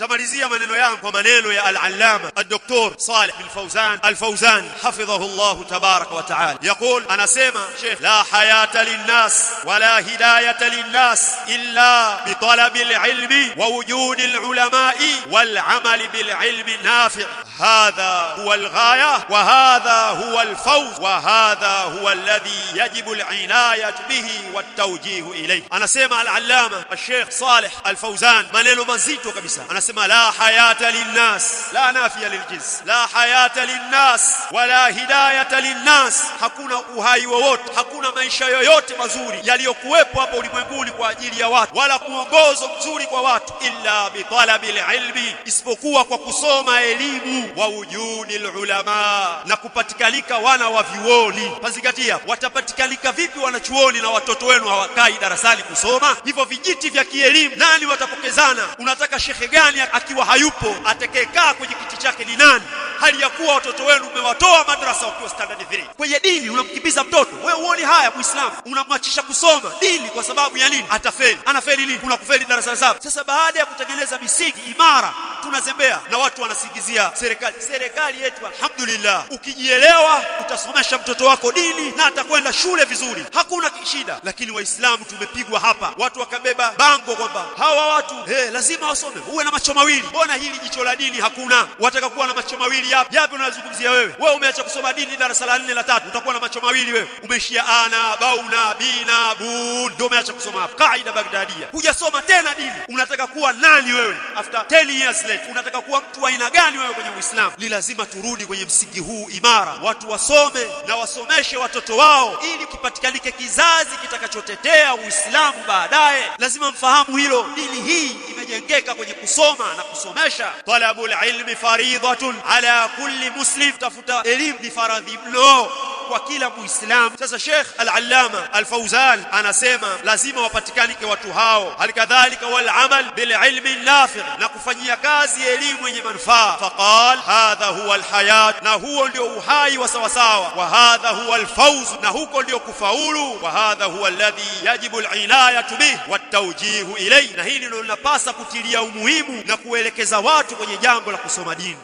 تمرزي من ومنيلو يا العلامة الدكتور صالح بن فوزان الفوزان حفظه الله تبارك وتعالى يقول أنا سيما شيخ لا حياة للناس ولا هداية للناس إلا بطلب العلم ووجود العلماء والعمل بالعلم النافع هذا هو الغاية وهذا هو الفوز وهذا هو الذي يجب العناية به والتوجيه إليه أنا سيما العلامة الشيخ صالح الفوزان منيلو مزيتو كبسا أنا Anasema la hayata linnas, la nafiya liljins, la hayata linnas wala hidayata linnas, hakuna uhai wowote, hakuna maisha yoyote mazuri yaliyokuwepo hapa ulimwenguni kwa ajili ya watu, wala kuongozo mzuri kwa watu, illa bitalabil ilmi, isipokuwa kwa kusoma elimu, wa ujuni lulama, na kupatikalika wana wa viuoni Pazingatia, watapatikalika vipi wanachuoni na watoto wenu hawakai darasani kusoma? Hivyo vijiti vya kielimu nani watapokezana? Unataka shekhe gani Samia akiwa hayupo, atakayekaa kwenye kiti chake ni nani, hali ya kuwa watoto wenu umewatoa madrasa wakiwa standard 3? Kwenye dini unamkimbiza mtoto wewe, uone haya Muislamu, unamwachisha kusoma dini kwa sababu ya nini? Atafeli. Anafeli nini Kuna kufeli darasa la saba. Sasa baada ya kutengeneza misingi imara tunazembea na watu wanasingizia serikali. Serikali yetu alhamdulillah, ukijielewa utasomesha mtoto wako dini na atakwenda shule vizuri, hakuna shida. Lakini Waislamu tumepigwa hapa, watu wakabeba bango kwamba hawa watu hey, eh, lazima wasome, uwe na macho mawili. Mbona hili jicho la dini hakuna? Wataka kuwa na macho mawili yapi? Yapi unazungumzia wewe? Wewe umeacha kusoma dini darasa la nne la tatu, utakuwa na macho mawili wewe? Umeishia ana bauna bina bu ndio umeacha kusoma kaida Bagdadia, hujasoma tena dini, unataka kuwa nani wewe after 10 years Islam. Unataka kuwa mtu wa aina gani wewe kwenye Uislamu? Ni lazima turudi kwenye msingi huu imara, watu wasome na wasomeshe watoto wao, ili kipatikanike kizazi kitakachotetea Uislamu baadaye. Lazima mfahamu hilo. Dini hii imejengeka kwenye kusoma na kusomesha. Talabul ilmi faridhatun ala kulli muslim, tafuta elimu ni faradhi mno kwa kila Muislamu. Sasa Sheikh Al-Allama Al-Fauzan anasema lazima wapatikanike watu hao, halikadhalika walamal bililmi nafi, na kufanyia kazi elimu yenye manufaa. Faqal hadha huwa alhayat, na huo ndio uhai wa sawasawa. Wa hadha huwa alfawz, na huko ndio kufaulu. Wa hadha huwa alladhi yajibu alilayatu bih wataujihu ilayhi, na hili ndio linapasa kutilia umuhimu na kuelekeza watu kwenye jambo la kusoma dini.